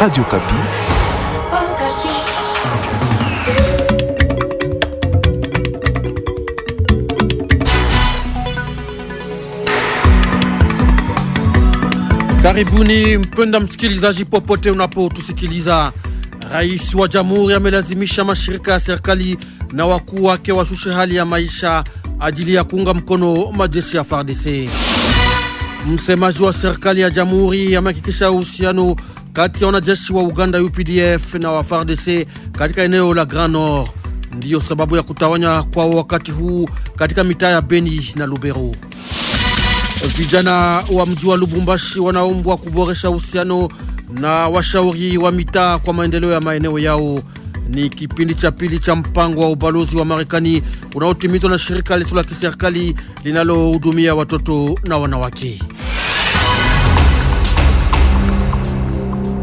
Radio Kapi. Karibuni mpenda msikilizaji, popote unapotusikiliza. Rais wa Jamhuri amelazimisha mashirika ya serikali na wakuu wake washushe hali ya maisha ajili ya kuunga mkono majeshi ya FARDC. Msemaji wa serikali ya Jamhuri amehakikisha uhusiano kati ya wanajeshi wa Uganda UPDF na wa FARDC katika eneo la Grand Nord. Ndiyo sababu ya kutawanya kwa wakati huu katika mitaa ya Beni na Lubero. Vijana wa mji wa Lubumbashi wanaombwa kuboresha uhusiano na washauri wa mitaa kwa maendeleo ya maeneo yao. Ni kipindi cha pili cha mpango wa ubalozi wa Marekani unaotimizwa na shirika lisilo la kiserikali linalohudumia watoto na wanawake.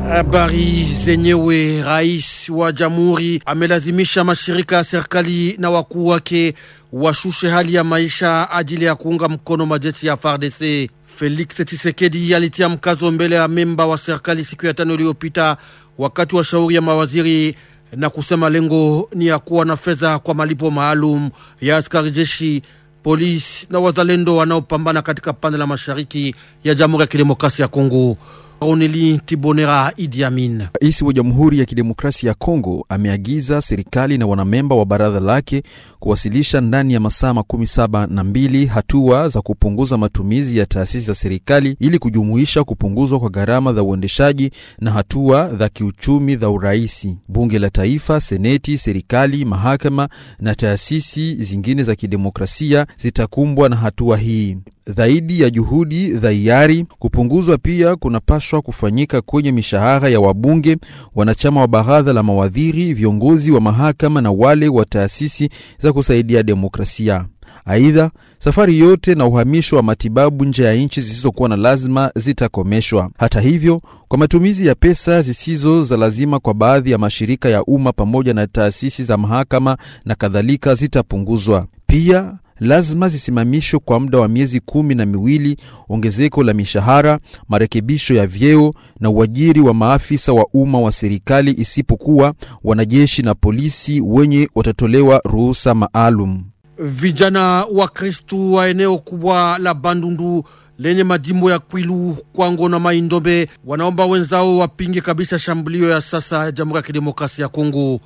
Habari zenyewe. Rais wa Jamhuri amelazimisha mashirika ya serikali na wakuu wake washushe hali ya maisha ajili ya kuunga mkono majeshi ya FARDC. Felix Tshisekedi alitia mkazo mbele ya memba wa serikali siku ya tano iliyopita wakati wa shauri ya mawaziri na kusema lengo ni ya kuwa na fedha kwa malipo maalum ya askari jeshi, polisi na wazalendo wanaopambana katika pande la mashariki ya Jamhuri ya Kidemokrasia ya Kongo. Corneli Tibonera Idi Amin. Rais wa Jamhuri ya Kidemokrasia ya Kongo ameagiza serikali na wanamemba wa baraza lake kuwasilisha ndani ya masaa makumi saba na mbili hatua za kupunguza matumizi ya taasisi za serikali ili kujumuisha kupunguzwa kwa gharama za uendeshaji na hatua za kiuchumi za uraisi. Bunge la Taifa, Seneti, serikali, mahakama na taasisi zingine za kidemokrasia zitakumbwa na hatua hii zaidi ya juhudi za hiari. Kupunguzwa pia kunapashwa kufanyika kwenye mishahara ya wabunge, wanachama wa baraza la mawaziri, viongozi wa mahakama na wale wa taasisi za kusaidia demokrasia. Aidha, safari yote na uhamisho wa matibabu nje ya nchi zisizokuwa na lazima zitakomeshwa. Hata hivyo, kwa matumizi ya pesa zisizo za lazima kwa baadhi ya mashirika ya umma pamoja na taasisi za mahakama na kadhalika zitapunguzwa pia lazima zisimamishwe kwa muda wa miezi kumi na miwili ongezeko la mishahara, marekebisho ya vyeo na uajiri wa maafisa wa umma wa serikali, isipokuwa wanajeshi na polisi wenye watatolewa ruhusa maalum. Vijana wa Kristu wa eneo kubwa la Bandundu lenye majimbo ya Kwilu, Kwango na Maindombe wanaomba wenzao wapinge kabisa shambulio ya sasa ya Jamhuri ya Kidemokrasia ya Kongo.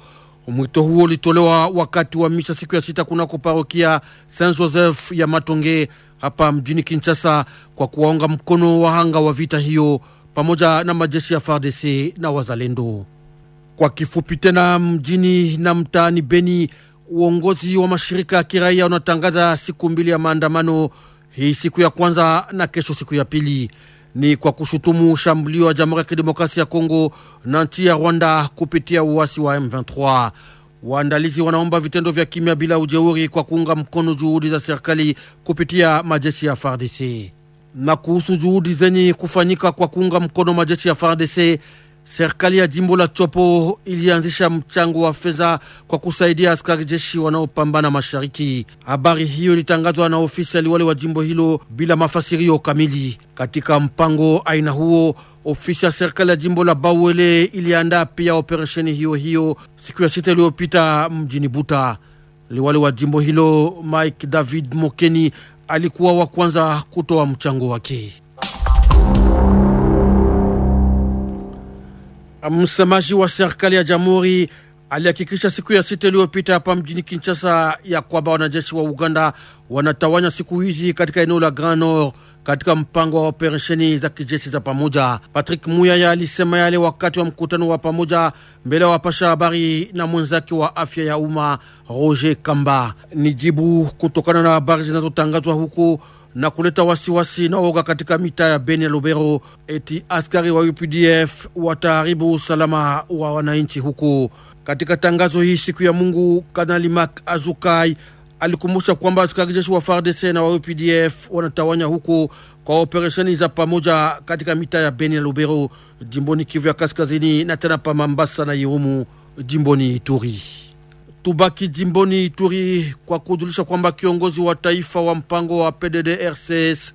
Mwito huo ulitolewa wakati wa misha siku ya sita kunako parokia Saint Joseph ya Matonge hapa mjini Kinshasa, kwa kuwaunga mkono wahanga wa vita hiyo pamoja na majeshi ya FARDC na wazalendo. Kwa kifupi tena, mjini na mtaani Beni, uongozi wa mashirika ya kiraia unatangaza siku mbili ya maandamano, hii siku ya kwanza na kesho siku ya pili ni kwa kushutumu shambulio wa Jamhuri ya Kidemokrasia ya Kongo na nchi ya Rwanda kupitia uasi wa M23. Waandalizi wanaomba vitendo vya kimya bila ujeuri kwa kuunga mkono juhudi za serikali kupitia majeshi ya FARDC. Na kuhusu juhudi zenye kufanyika kwa kuunga mkono majeshi ya FARDC Serikali ya jimbo la Chopo ilianzisha mchango wa fedha kwa kusaidia askari jeshi wanaopambana mashariki. Habari hiyo ilitangazwa na ofisi ya liwali wa jimbo hilo bila mafasirio kamili. Katika mpango aina huo, ofisi ya serikali ya jimbo la bawele iliandaa pia operesheni hiyo hiyo siku ya sita iliyopita mjini Buta. Liwali wa jimbo hilo Mike David Mokeni alikuwa wa kwanza kutoa mchango wake. Msemaji wa serikali ya jamhuri alihakikisha siku ya sita iliyopita hapa mjini Kinshasa ya kwamba wanajeshi wa Uganda wanatawanya siku hizi katika eneo la Grand Nord katika mpango wa operesheni za kijeshi za pamoja. Patrick Muyaya alisema yale wakati wa mkutano wa pamoja mbele ya wapasha habari na mwenzake wa afya ya umma Roger Kamba. Ni jibu kutokana na habari zinazotangazwa huku na kuleta wasiwasi na woga katika mitaa ya Beni ya Lubero, eti askari wa UPDF wataharibu usalama wa wananchi huko. Katika tangazo hii siku ya Mungu, Kanali Mak Azukai alikumbusha kwamba askari jeshi wa FARDC na wa UPDF wanatawanya huko kwa operesheni za pamoja katika mitaa ya Beni ya Lubero, jimboni Kivu ya Kaskazini, na tena pa Mambasa na Irumu, jimboni Ituri. Tubaki jimboni Ituri kwa kujulisha kwamba kiongozi wa taifa wa mpango wa PDDRCS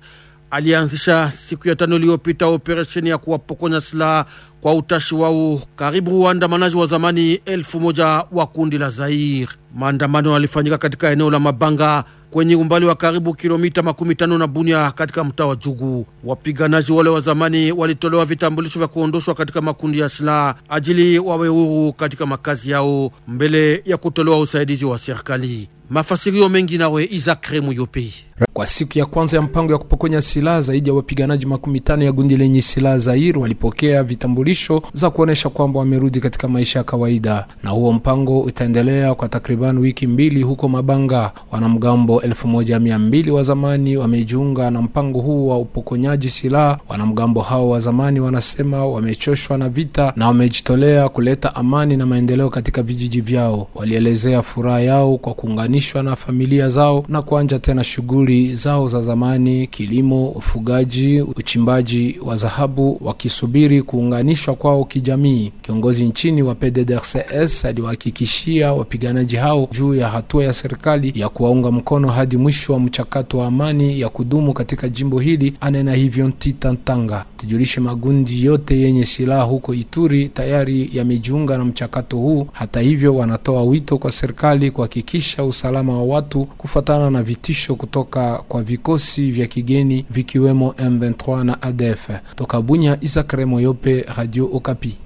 alianzisha siku ya tano iliyopita operesheni ya kuwapokonya silaha kwa utashi wao karibu waandamanaji wa zamani elfu moja wa kundi la Zair. Maandamano yalifanyika katika eneo la Mabanga kwenye umbali wa karibu kilomita makumi tano na Bunia katika mtaa wa Jugu. Wapiganaji wale wa zamani walitolewa vitambulisho vya kuondoshwa katika makundi ya silaha ajili wawe huru katika makazi yao mbele ya kutolewa usaidizi wa serikali. Mafasirio mengi nawe Izakre Muyopi. Kwa siku ya kwanza ya mpango ya kupokonya silaha, zaidi ya wapiganaji makumi tano ya gundi lenye silaha Zair walipokea vitambulisho za kuonyesha kwamba wamerudi katika maisha ya kawaida, na huo mpango utaendelea kwa takriban wiki mbili huko Mabanga. Wanamgambo 1200 wa zamani wamejiunga na mpango huu wa upokonyaji silaha. Wanamgambo hao wa zamani wanasema wamechoshwa na vita na wamejitolea kuleta amani na maendeleo katika vijiji vyao. Walielezea furaha yao kwa kuunganishwa na familia zao na kuanja tena shughuli zao za zamani: kilimo, ufugaji, uchimbaji wa dhahabu, wakisubiri kuunganishwa kwao kijamii. Kiongozi nchini wa PDDRCS aliwahakikishia wapiganaji hao juu ya hatua ya serikali ya kuwaunga mkono hadi mwisho wa mchakato wa amani ya kudumu katika jimbo hili, anena hivyo Ntita Ntanga. Tujulishe, magundi yote yenye silaha huko Ituri tayari yamejiunga na mchakato huu. Hata hivyo, wanatoa wito kwa serikali kuhakikisha usalama wa watu kufuatana na vitisho kutoka kwa vikosi vya kigeni vikiwemo M23 na ADF. Toka Bunya, Isakare Moyope, Radio Okapi.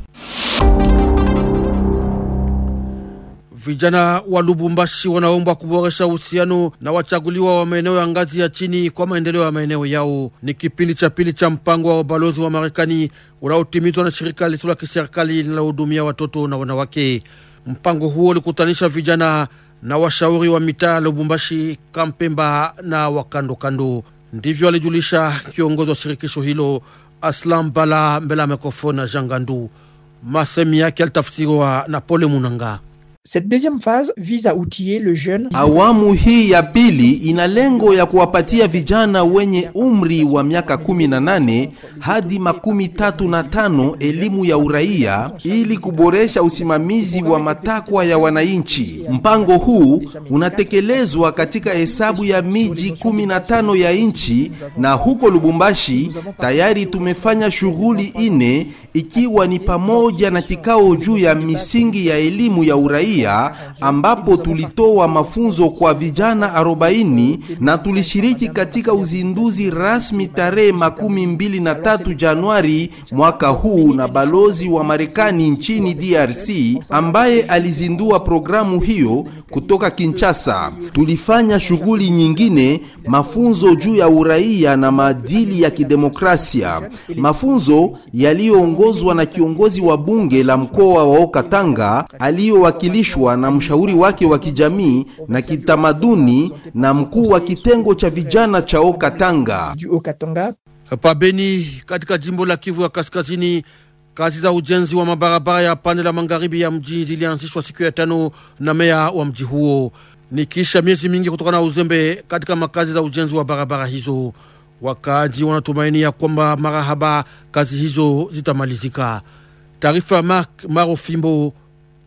Vijana wa Lubumbashi wanaombwa kuboresha uhusiano na wachaguliwa wa maeneo ya ngazi ya chini kwa maendeleo ya maeneo yao. Ni kipindi cha pili cha mpango wa ubalozi wa Marekani unaotimizwa na shirika lisilo la kiserikali linalohudumia watoto na wanawake. Mpango huo ulikutanisha vijana na washauri wa mitaa Lubumbashi, Kampemba na wakandokando. Ndivyo alijulisha kiongozi wa shirikisho hilo Aslam Bala mbele ya mikrofoni na Jangandu. Masemi yake alitafsiriwa na Pole Munanga. Cette deuxième phase vise à outiller le jeune. Awamu hii ya pili ina lengo ya kuwapatia vijana wenye umri wa miaka 18 hadi makumi tatu na tano elimu ya uraia ili kuboresha usimamizi wa matakwa ya wananchi. Mpango huu unatekelezwa katika hesabu ya miji kumi tano ya nchi, na huko Lubumbashi tayari tumefanya shughuli ine ikiwa ni pamoja na kikao juu ya misingi ya elimu ya uraia ambapo tulitoa mafunzo kwa vijana 40 na tulishiriki katika uzinduzi rasmi tarehe makumi mbili na tatu Januari mwaka huu na balozi wa Marekani nchini DRC ambaye alizindua programu hiyo kutoka Kinshasa. Tulifanya shughuli nyingine, mafunzo juu ya uraia na maadili ya kidemokrasia, mafunzo yaliyoongoza inayoongozwa na kiongozi wa bunge la mkoa wa Okatanga aliyowakilishwa na mshauri wake wa kijamii na kitamaduni na mkuu wa kitengo cha vijana cha Okatanga. Hapa Beni katika jimbo la Kivu ya Kaskazini, kazi za ujenzi wa mabarabara ya pande la magharibi ya mji zilianzishwa siku ya tano na meya wa mji huo, ni kisha miezi mingi kutokana na uzembe katika makazi za ujenzi wa barabara hizo. Wakaaji wanatumaini ya kwamba mara haba kazi hizo zitamalizika. Taarifa ya Mark Maro Fimbo.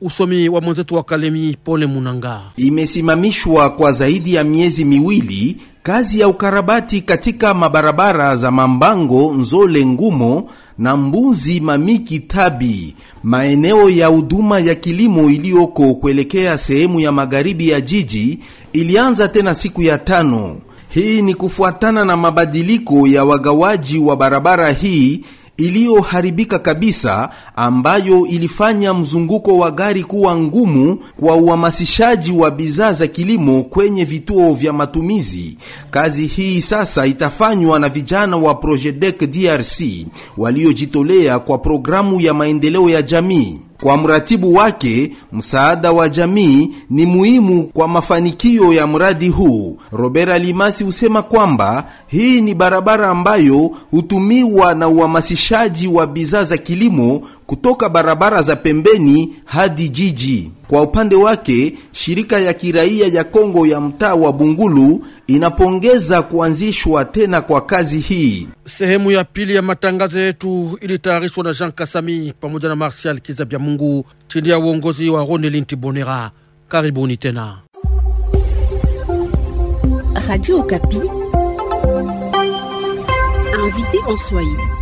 Usomi wa mwenzetu wa Kalemi Pole Munanga. Imesimamishwa kwa zaidi ya miezi miwili kazi ya ukarabati katika mabarabara za Mambango, Nzole, Ngumo na Mbuzi, Mamiki, Tabi, maeneo ya huduma ya kilimo iliyoko kuelekea sehemu ya magharibi ya jiji ilianza tena siku ya tano. Hii ni kufuatana na mabadiliko ya wagawaji wa barabara hii iliyoharibika kabisa ambayo ilifanya mzunguko wa gari kuwa ngumu kwa uhamasishaji wa bidhaa za kilimo kwenye vituo vya matumizi. Kazi hii sasa itafanywa na vijana wa Projedec DRC waliojitolea kwa programu ya maendeleo ya jamii. Kwa mratibu wake, msaada wa jamii ni muhimu kwa mafanikio ya mradi huu. Robert Alimasi husema kwamba hii ni barabara ambayo hutumiwa na uhamasishaji wa bidhaa za kilimo kutoka barabara za pembeni hadi jiji. Kwa upande wake, shirika ya kiraia ya Kongo ya mtaa wa Bungulu inapongeza kuanzishwa tena kwa kazi hii. Sehemu ya pili ya matangazo yetu ilitayarishwa na Jean Kasami pamoja na Martial Kizabya Mungu chini ya uongozi wa Ronelin Tibonera. Karibuni tena Radio Okapi, invité en Swahili.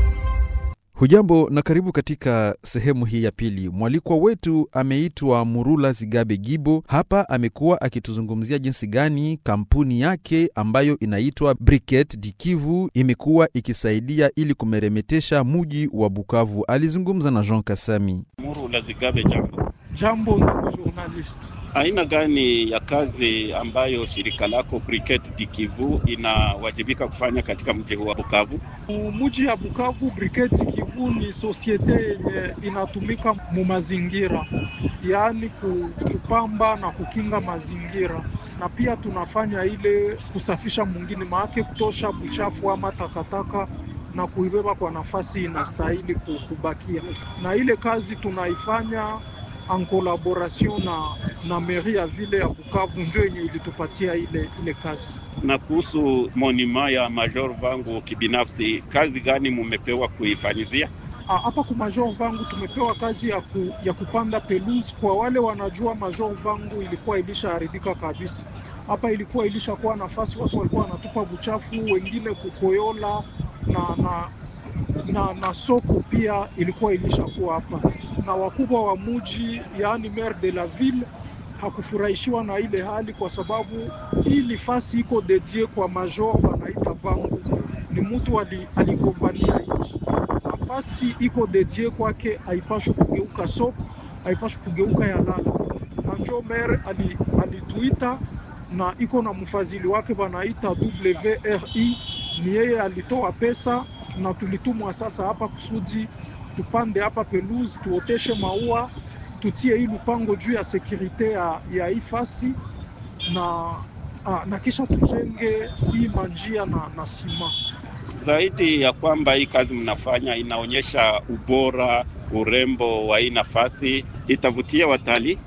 Hujambo na karibu katika sehemu hii ya pili. Mwalikwa wetu ameitwa Murula Zigabe Gibo. Hapa amekuwa akituzungumzia jinsi gani kampuni yake ambayo inaitwa Briket Dikivu imekuwa ikisaidia ili kumeremetesha muji wa Bukavu. Alizungumza na Jean Kasami. Murula Zigabe, jambo. Jambo, ndugu journalist, aina gani ya kazi ambayo shirika lako Briket di Kivu inawajibika kufanya katika mji wa Bukavu? Mji ya Bukavu, Briket Kivu ni sosiete yenye inatumika mu mazingira, yaani kupamba na kukinga mazingira, na pia tunafanya ile kusafisha mwingine maake kutosha buchafu ama takataka na kuibeba kwa nafasi inastahili kubakia, na ile kazi tunaifanya en collaboration na, na meri ya vile ya Bukavu njo yenye ilitupatia ile, ile kazi. Na kuhusu monima ya major vangu kibinafsi, kazi gani mumepewa kuifanyizia? Ah, hapa ku major vangu tumepewa kazi ya, ku, ya kupanda pelusi. Kwa wale wanajua major vangu ilikuwa ilishaharibika kabisa, hapa ilikuwa ilishakuwa nafasi, watu walikuwa wanatupa buchafu, wengine kukoyola na, na, na, na soko pia ilikuwa ilishakuwa hapa, na wakubwa wa muji yaani maire de la ville hakufurahishiwa na ile hali, kwa sababu hii nafasi iko dedie kwa major wanaita Bangu, ni mtu aligombania nchi. Nafasi iko dedie kwake, haipashwi kugeuka soko, haipashwi kugeuka yalala na njo maire alituita ali na iko na mfadhili wake banaita WRI, ni yeye alitoa pesa na tulitumwa sasa hapa kusudi tupande hapa peluzi, tuoteshe maua, tutie hii lupango juu ya sekurite ya, ya ifasi na, a, ah, na kisha tujenge hii manjia na, na sima zaidi ya kwamba hii kazi mnafanya inaonyesha ubora urembo wa hii nafasi, itavutia watalii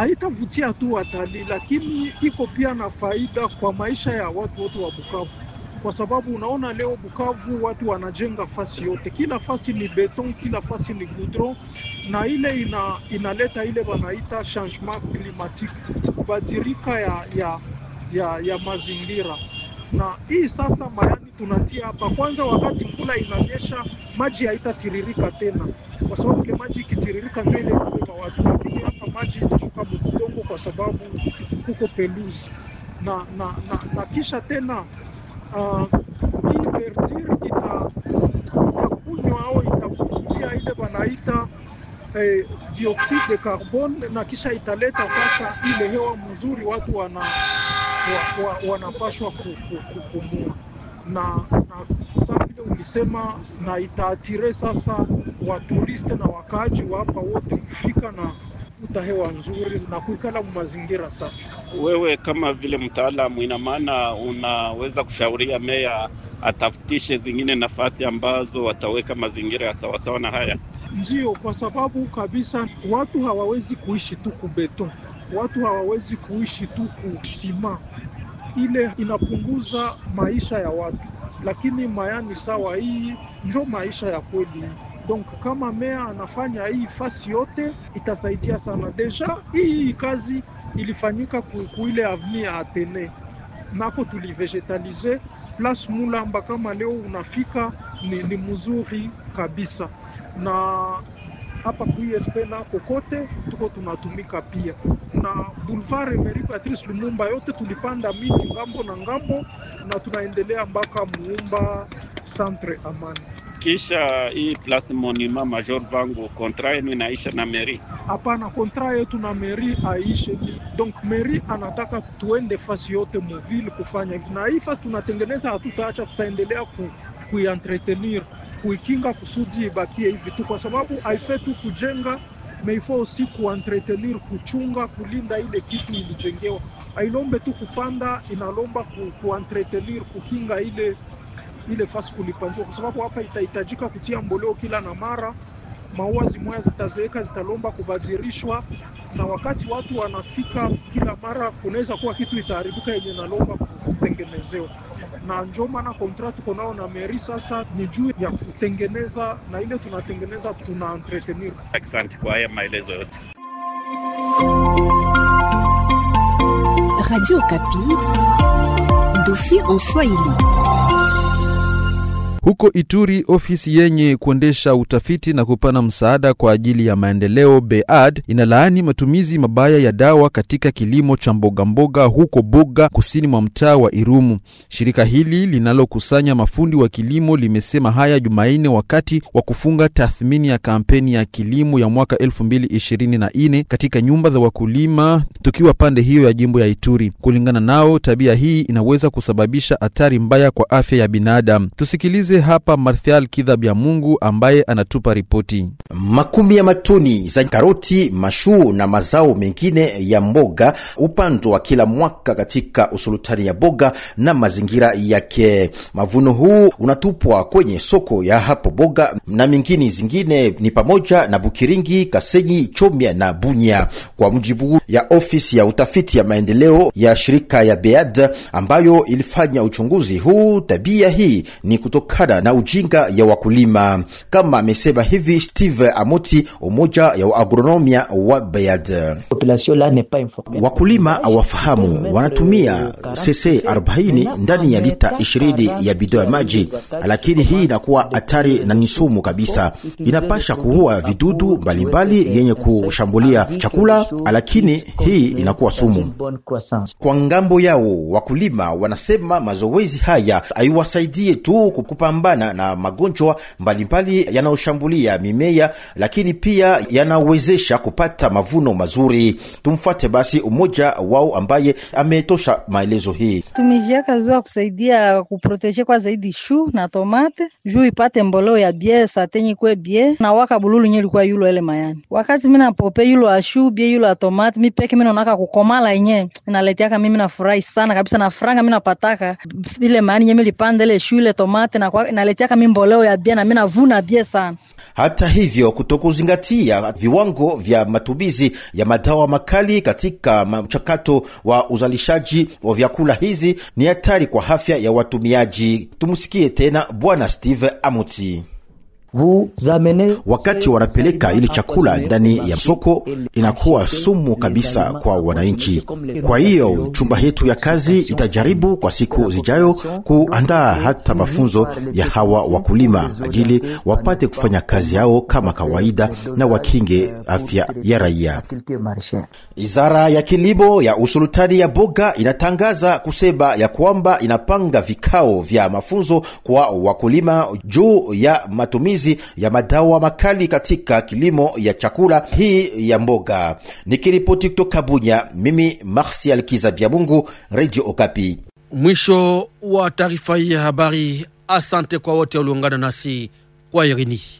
haitavutia tu watalii, lakini iko pia na faida kwa maisha ya watu wote wa Bukavu, kwa sababu unaona leo Bukavu watu wanajenga fasi yote, kila fasi ni beton, kila fasi ni goudron, na ile ina, inaleta ile wanaita changement climatique, kubadilika ya, ya, ya, ya mazingira na hii sasa mayani tunatia hapa kwanza, wakati mvula inanyesha maji haitatiririka tena kwa sababu ile maji ikitiririka mbele kubeba watu, lakini hapa maji inashuka mudongo kwa sababu huko peluzi na, na, na, na kisha tena uh, hii verdir itakunywa au itapunguza ile wanaita eh, dioxide de carbone na kisha italeta sasa ile hewa mzuri watu wana, wa, wa, wanapashwa kupumua na, na sasa vile ulisema, na itaatire sasa waturiste na wakaaji wa hapa wote kufika na kuvuta hewa nzuri na kuikala mazingira safi. Wewe kama vile mtaalamu, ina maana unaweza kushauria meya atafutishe zingine nafasi ambazo wataweka mazingira ya sawasawa na haya? Ndio, kwa sababu kabisa watu hawawezi kuishi tu kubeto, watu hawawezi kuishi tu kusima, ile inapunguza maisha ya watu lakini mayani sawa, hii njo maisha ya kweli. Donc kama mea anafanya hii fasi yote itasaidia sana. Deja hii kazi ilifanyika kuile avenue ya Atene nako tulivegetalize place Mulamba, kama leo unafika ni, ni mzuri kabisa na hapa kuisp na kokote tuko tunatumika pia na Boulevard Emery Patrice Lumumba, yote tulipanda miti ngambo na ngambo, na tunaendelea mpaka Muumba Centre Amani. Kisha hii place Monument Major vangu, kontra yenu inaisha na meri? Hapana, kontra yetu na meri aishe. Donc meri anataka tuende fasi yote muvili kufanya hivi, na hii fasi tunatengeneza, hatutaacha, tutaendelea ku, kuientretenir kuikinga kusudi ibakie hivi tu, kwa sababu haifai tu kujenga meifaa usi kuentretenir, kuchunga, kulinda ile kitu ilijengewa. Ailombe tu kupanda, inalomba ku, kuentretenir, kukinga ile ile fasi kulipanzua, kwa sababu hapa itahitajika kutia mboleo kila na mara. Maua zimoya zitazeeka, zitalomba kubadirishwa, na wakati watu wanafika kila mara kunaweza kuwa kitu itaharibika yenye nalomba kutengenezewa, na ndio maana kontrat tuko nao na meri sasa ni juu ya kutengeneza, na ile tunatengeneza tuna entretenir. Asante kwa haya maelezo yote. Radio Kapi, dossier en Swahili. Huko Ituri, ofisi yenye kuendesha utafiti na kupana msaada kwa ajili ya maendeleo BEAD inalaani matumizi mabaya ya dawa katika kilimo cha mbogamboga huko Boga, kusini mwa mtaa wa Irumu. Shirika hili linalokusanya mafundi wa kilimo limesema haya Jumanne wakati wa kufunga tathmini ya kampeni ya kilimo ya mwaka 2024 katika nyumba za wakulima tukiwa pande hiyo ya jimbo ya Ituri. Kulingana nao, tabia hii inaweza kusababisha hatari mbaya kwa afya ya binadamu. Tusikilize Tumsikilize hapa Marthial Kidhab ya Mungu ambaye anatupa ripoti. Makumi ya matoni za karoti, mashuu na mazao mengine ya mboga upandwa kila mwaka katika usulutani ya boga na mazingira yake. Mavuno huu unatupwa kwenye soko ya hapo boga na mingine zingine ni pamoja na Bukiringi, Kasenyi, Chomya na Bunya, kwa mujibu ya ofisi ya utafiti ya maendeleo ya shirika ya Bead ambayo ilifanya uchunguzi huu. Tabia hii ni kutoka kada na ujinga ya wakulima, kama amesema hivi Steve Amoti, umoja ya waagronomia wa Bayad. Wakulima hawafahamu wanatumia cc 40 ndani ya lita 20 ya bidhaa ya maji, lakini hii inakuwa hatari na ni sumu kabisa. Inapasha kuua vidudu mbalimbali yenye kushambulia chakula, lakini hii inakuwa sumu kwa ngambo yao. Wakulima wanasema mazoezi haya haiwasaidie tu kukupa kupambana na magonjwa mbalimbali yanayoshambulia mimea, lakini pia yanawezesha kupata mavuno mazuri. Tumfuate basi umoja wao ambaye ametosha maelezo hii. Tumijiaka zua kusaidia kuproteje kwa zaidi shu na tomate juu ipate mboleo ya bie satenyi kwe bie na waka bululu nye likuwa yulo ele mayani wakati mimi napope yulo shu bie yulo tomate mi peke mina naonaka kukomala yenye inaletiaka mimi na nafurahi sana kabisa na franga mina pataka ile mayani nye milipande ile shu ile tomate na kwa ambayo inaletiaka mi mboleo ya bie na mi navuna bia sana. Hata hivyo kutokuzingatia viwango vya matumizi ya madawa makali katika mchakato wa uzalishaji wa vyakula hizi ni hatari kwa afya ya watumiaji. Tumsikie tena Bwana Steve Amuti. Wakati wanapeleka ili chakula ndani ya soko, inakuwa sumu kabisa kwa wananchi. Kwa hiyo chumba yetu ya kazi itajaribu kwa siku zijayo kuandaa hata mafunzo ya hawa wakulima, ajili wapate kufanya kazi yao kama kawaida na wakinge afya ya raia. Wizara ya kilimo ya usultani ya Boga inatangaza kusema ya kwamba inapanga vikao vya mafunzo kwa wakulima juu ya matumizi matumizi ya madawa makali katika kilimo ya chakula hii ya mboga. Nikiripoti kutoka Bunya, mimi Marsial Kizabia Mungu, Radio Okapi. Mwisho wa taarifa hii ya habari. Asante kwa wote waliungana nasi kwa Irini.